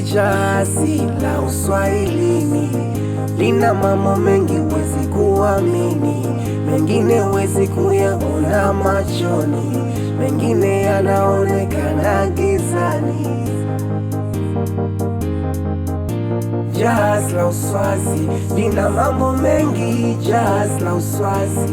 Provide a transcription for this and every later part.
Hili asila la uswahilini lina mambo mengi huwezi kuamini, mengine huwezi kuyaona machoni, mengine yanaonekana gizani. Jahazi la Uswazi lina mambo mengi, jahazi la Uswazi,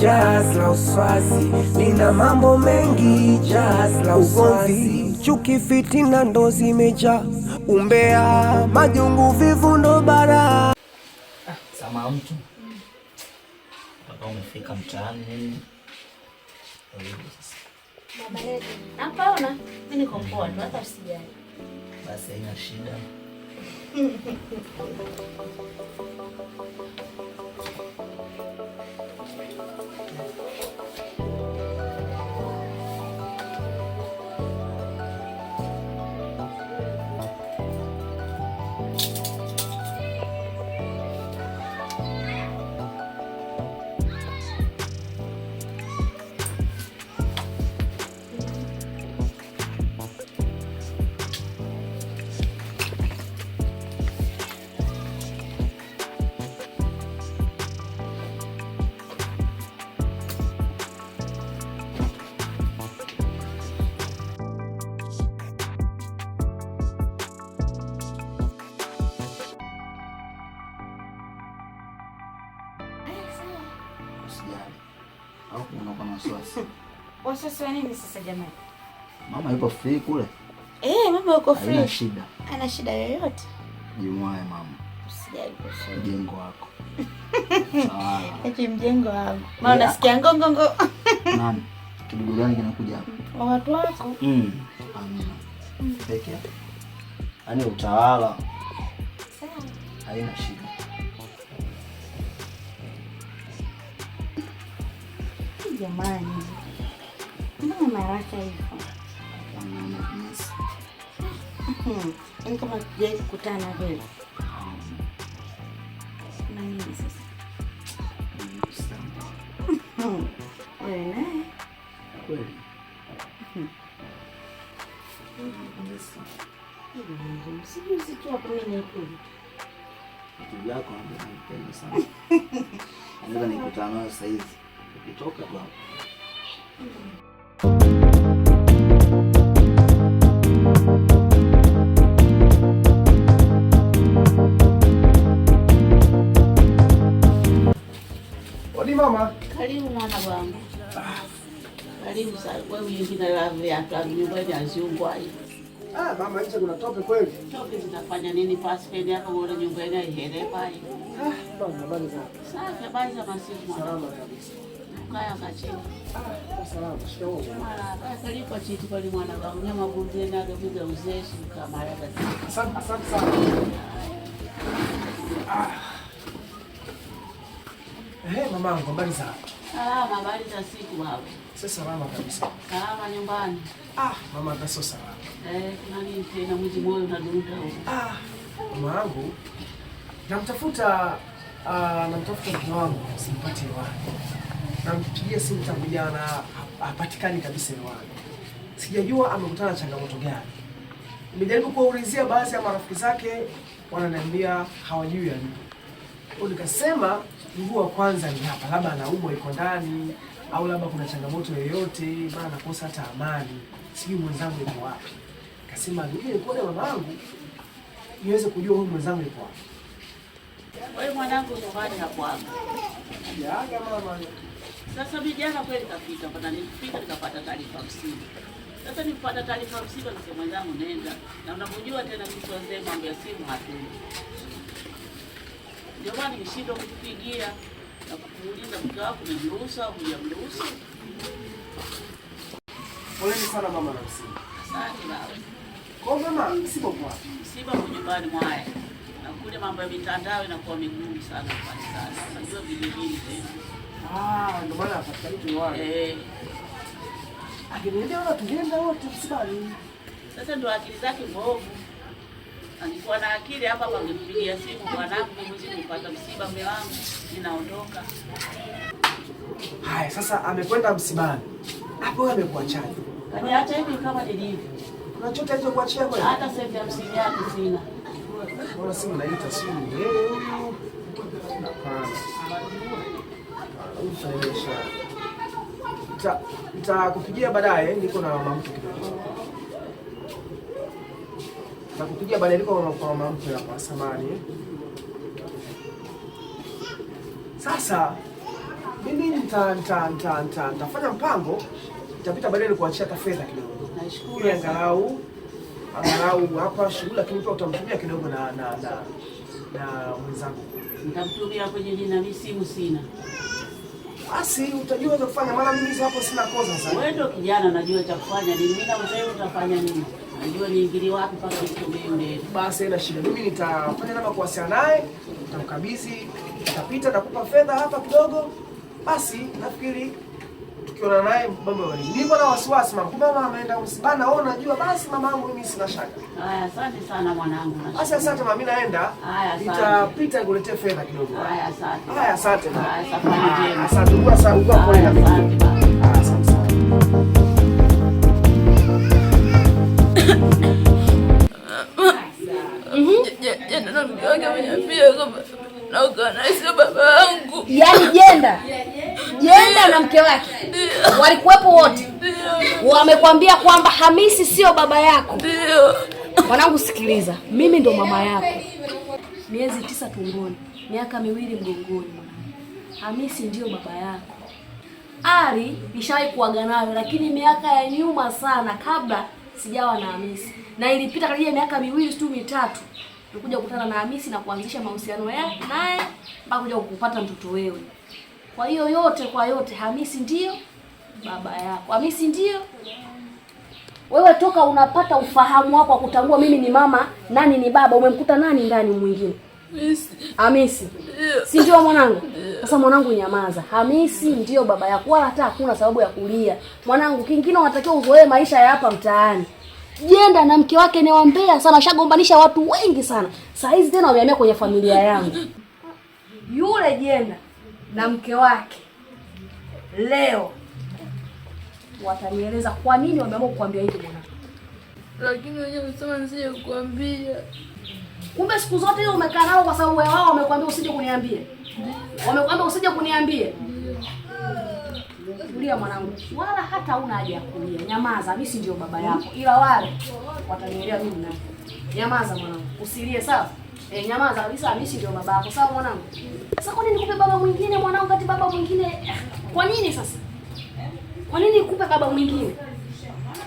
jahazi la Uswazi lina mambo mengi, jahazi la Uswazi chuki, fitina ndo zimeja, umbea, majungu, vivu ndo bara. Sama mtu umefika mtaani basi, haina shida. usijali au unakuwa wasiwasi. Wasiwasi wa nini sasa jamani? Mama free kule. Eh, mama yuko free. shida. Ana shida yoyote? Jumwae mama. Usijali kwa sababu mjengo wako. Sawa. Eti mjengo wangu. ngongo ngo. Nani? Kidogo gani kinakuja hapa? Watu wako. Mm. Amina. Mm. Yaani utawala. Sawa. Haina shida. Jamani, mbona haraka hivyo? Hmm, yaani kama kukutana Na nini sasa? Hmm, wewe naye kitu hmm. yako, sana nikutana nayo ukitoka bwana Odi mama. Karibu mwana wangu. Karibu sana. Wewe uliingia lavu ya kwa yaani nyumbani aziungwa Ah, mama hizo kuna tope kweli. Tope zinafanya nini pasi pende hapa wala nyumbani haiherepa hii. Ah, bwana bwana. Sasa mwana. Salama kabisa. Mamangu, habari za salama? Habari za siku baba. Si salama kabisa. Salama nyumbani? Ah, mama hata sio salama. Eh, kuna nini tena mwezi moyo unadunda huko? Ah, mamangu namtafuta, ah, namtafuta mke wangu simpate wapi nampigia simu tangu jana hapatikani kabisa hewani. Sijajua amekutana na changamoto gani. Nimejaribu kuwaulizia baadhi ya marafiki zake, wananiambia hawajui yalipo. Nikasema mguu wa kwanza ni hapa, labda anaumwa, iko ndani au labda kuna changamoto yoyote, maana nakosa hata amani, sijui mwenzangu yuko wapi. Kasema nije nikuone mamangu niweze kujua huyu mwenzangu yuko wapi. Wewe mwanangu, nyumbani hapo hapo. ya mama. Sasa mimi jana kweli kapita pana nilipita nikapata taarifa msiba. Sasa nilipata taarifa msiba na sema mwenzangu nenda. Na unapojua tena sisi wazee mambo ya simu hatuna. Ndio maana nimeshindwa kukupigia na kukuuliza mke wako umemruhusu au hujamruhusu. Poleni sana mama na msiba. Asante baba. Kwa mama msiba kwa msiba kwa nyumbani mwae. Na kule mambo ya mitandao inakuwa migumu sana kwa sasa. Unajua vile vile tena. Ah, ndio akiniambia wewe tulienda wote msibani. Sasa ndio akili zake mbovu. Angekuwa na akili hapa angempigia simu bwanangu, mimi nimepata msiba, mume wangu ninaondoka. Haya, sasa amekwenda msibani hapo, wewe amekuachaje? Kaniacha hivi kama nilivyo. Kuna chote alichokuachia kweli? Hata senti hamsini yake sina. Bora simu naita simu leo. Hapana mfanyabiashara. Nitakupigia baadaye, niko na mama mtu kidogo. Nitakupigia baadaye, niko kwa mama mtu hapa, samani. Sasa mimi nitafanya mpango, nitapita baadaye nikuachia hata fedha kidogo, nashukuru angalau angalau hapa shughuli, lakini pia utamtumia kidogo na na na mwenzangu. Nitamtumia kwenye jina, mimi simu sina basi utajua cha kufanya, maana mimi hapo sina kosa. Sasa wewe ndio kijana, najua cha kufanya ni mimi, na mzee utafanya nini? Najua niingili wapi mpaka nitumie Basi haina shida, mimi nitafanya namba kuwasiliana naye, nitamkabidhi, nitapita, nakupa fedha hapa kidogo, basi nafikiri tukiona naye mama wali niko na wasiwasi mama, kumbe mama ameenda msibana. Wewe unajua, basi mama yangu mimi sina shaka. Haya, asante sana mwanangu. Sasa asante mama, mimi naenda, nitapita nikuletee fedha kidogo. Haya, asante. Haya, asante. Haya, safari njema. Asante kwa sababu kwa kwa ina asante. Asante yaani Jenda, yaani Jenda na mke wake walikuwepo wote, wamekwambia kwamba Hamisi sio baba yako. Mwanangu sikiliza, mimi ndo mama yako, miezi tisa tumboni, miaka miwili mgongoni. Hamisi ndiyo baba yako. Ari nishawahi kuaga nayo, lakini miaka ya nyuma sana, kabla sijawa na Hamisi, na ilipita karibia miaka miwili tu mitatu kuja kukutana na Hamisi na kuanzisha mahusiano naye mpaka kuja kupata mtoto wewe. Kwa hiyo yote kwa yote, Hamisi ndiyo baba yako. Hamisi ndiyo wewe, toka unapata ufahamu wako wa kutambua mimi ni mama, nani ni baba, umemkuta nani ndani mwingine? Hamisi si ndio mwanangu? Sasa mwanangu, nyamaza. Hamisi ndiyo baba yako, wala hata hakuna sababu ya kulia mwanangu. Kingine unatakiwa uzoee maisha ya hapa mtaani. Jenda na mke wake ni wambea sana, shagombanisha watu wengi sana. Saa hizi tena wamehamia kwenye familia yangu. Yule Jenda na mke wake leo watanieleza kwa nini wameamua kukuambia hivi mwanangu. Lakini wewe unasema nisije kukuambia. Kumbe siku zote hiyo umekaa nao kwa sababu wao wamekuambia usije kuniambie. Wamekuambia usije kuniambie. Kulia mwanangu, wala hata una haja ya kulia. Nyamaza, mimi si ndio baba yako, ila wale watanielewa mimi na. Nyamaza mwanangu, usilie sawa. Eh, nyamaza kabisa Hamisi ndio baba yako, sawa mwanangu? Sasa kwa nini kupe baba mwingine mwanangu kati baba mwingine? Eh, kwa nini sasa? Kwa nini kupe baba mwingine?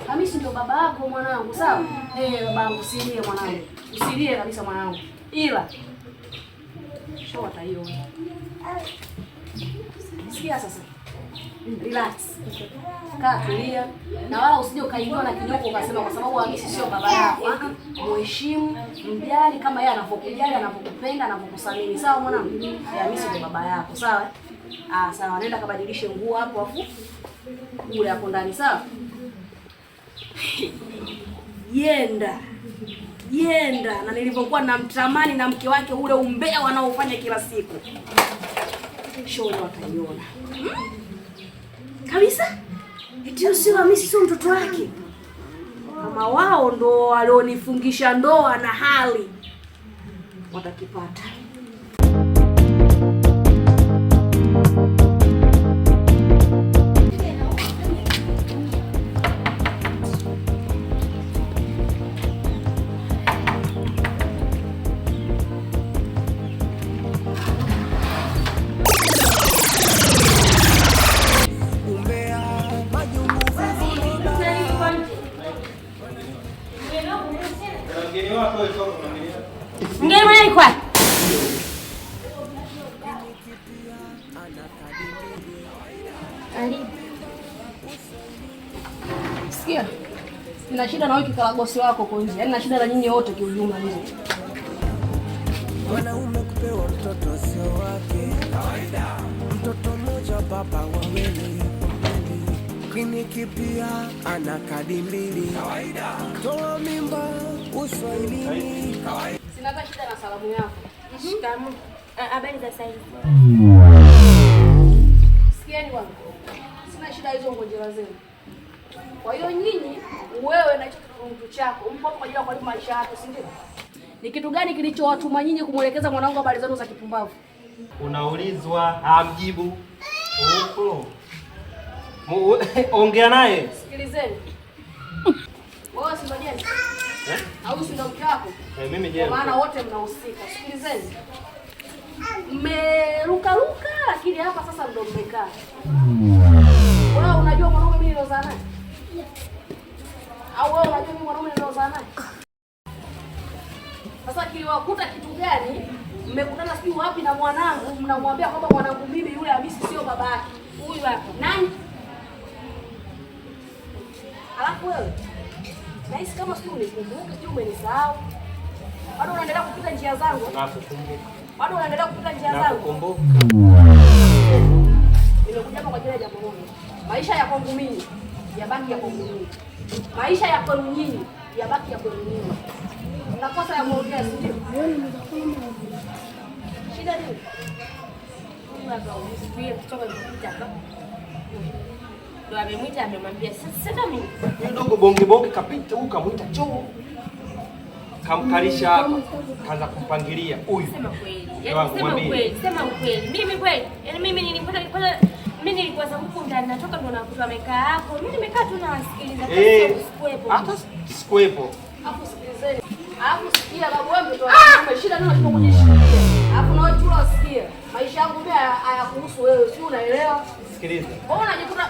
Hamisi ah, ndio baba yako mwanangu, sawa? Eh, babangu usilie mwanangu. Usilie kabisa mwanangu. Ila Shota hiyo. Sikia sasa relax, kaa tulia, na wala usije ukaingiwa na kinyongo ukasema kwa sababu Hamisi sio baba yako. Muheshimu, mjali kama yeye anapokujali, anapokupenda, anapokuthamini. Sawa mwanangu, Hamisi ndio baba yako, sawa? Ah, sawa, nenda kabadilishe nguo hapo afu ule hapo ndani, sawa? Yenda yenda na nilivyokuwa namtamani na mke wake, ule umbea wanaofanya kila siku, shoni wataiona. Hmm? kabisa, eti usema mimi sio mtoto wake. Kama wao ndo walionifungisha ndoa na hali watakipata mgeni wako sikia, nina shida na kikaragosi wako huko nje, yaani na shida na nyinyi wote kiujumla nje. Wanaume kupewa mtoto sio wake mtoto mmoja baba wawili kliniki pia ana kadi mbili. Kawaida. Toa mimba uswahilini. Kawaida. Sina shida na salamu yako. Mhm. Shikamoo. Habari za sasa hivi? Sikieni wangu. Sina shida hizo ngonjera zenu. Kwa hiyo nyinyi, wewe na kitu chako, mpo kwa ajili ya kulipa maisha yako, si ndio? Ni kitu gani kilichowatuma nyinyi kumwelekeza mwanangu habari zenu za kipumbavu? Unaulizwa, amjibu. Upo ongea naye. Sikilizeni. Wewe si ndio Eh? Au si ndio mke wako? Eh, mimi jeni. Kwa maana wote mnahusika. Sikilizeni. Mmeruka ruka lakini hapa sasa ndo mmekaa. Wewe unajua mwanaume mimi nilozaa naye? Au wewe unajua mimi mwanaume nilozaa naye? Sasa kiliwakuta kitu gani? Mmekutana sijui wapi na mwanangu, mnamwambia kwamba mwanangu mimi yule Hamisi sio baba Huyu hapa. Nani? Alafu wewe nahisi kama siku unikumbuka tu, umenisahau bado unaendelea kupita njia zangu, bado unaendelea kupita njia zangu. Nimekuja kwa ajili ya jambo moja, maisha ya kwangu mimi yabaki ya kwangu mimi, maisha ya kwenu nyinyi yabaki ya kwenu nyinyi. Nakosa ya kuongea, si ndio? Shida nini? ndo amemwita amemwambia, sasa mimi huyu dogo bonge bonge kapita huko, kamwita choo, kamkalisha hapa, kaanza kumpangilia huyu. Sema kweli, yaani sema kweli, sema kweli, mimi kweli, yaani mimi nilipata nilipata mimi nilikuwa za huku ndani natoka, ndo nakuta amekaa hapo. Mimi nimekaa tu nawasikiliza, eh, sikuwepo hata sikuwepo. Hapo sikilizeni, hapo sikia babu ah! wewe, mtoto wangu shida nao tuko kwenye shida, hapo tu wasikie. Maisha yangu mimi hayakuhusu wewe, si unaelewa? Sikiliza, wewe unajikuta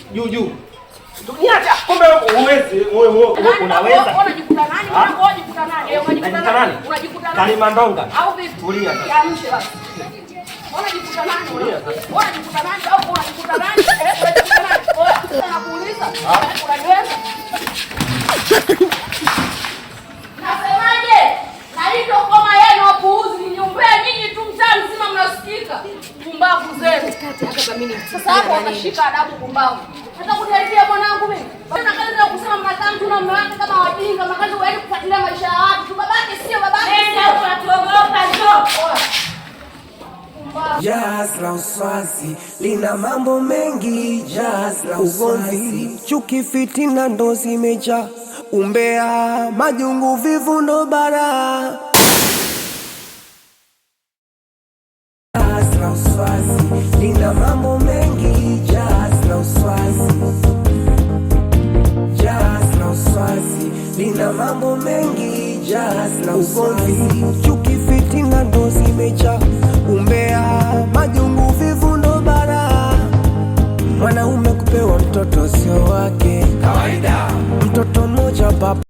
juu juu. Niacha. Kumbe uwezi, unaweza. Unajikuta nani? Unajikuta nani? Unajikuta nani? Unajikuta nani? Kalima ndonga. Au vipi? Tulia. Kiamshe basi. Eh, unajikuta nani? Unajikuta nani? Au unajikuta nani? Unajikuta nani? Unakuuliza. Unaweza. Nasemaje? Na hiyo ngoma tu mtaa mzima mnasikika. Pumbavu zenu. Sasa hapo utashika adabu pumbavu. Nataka mwanangu mimi. kazi za kusema kama wajinga, waende kufuatilia maisha ya watu. Babake sio babake. Nenda njoo. Jazz la uswazi lina mambo mengi. Jazz la ugomvi, chuki, fitina ndo zimejaa. Umbea, majungu, vivuno, bara. Jazz la uswazi lina mambo mambo mengi just na ugomvi, chuki, fitina ndo zimeja umbea, majungu, vivundo, bara. Mwanaume kupewa mtoto sio wake kawaida, mtoto mmoja baba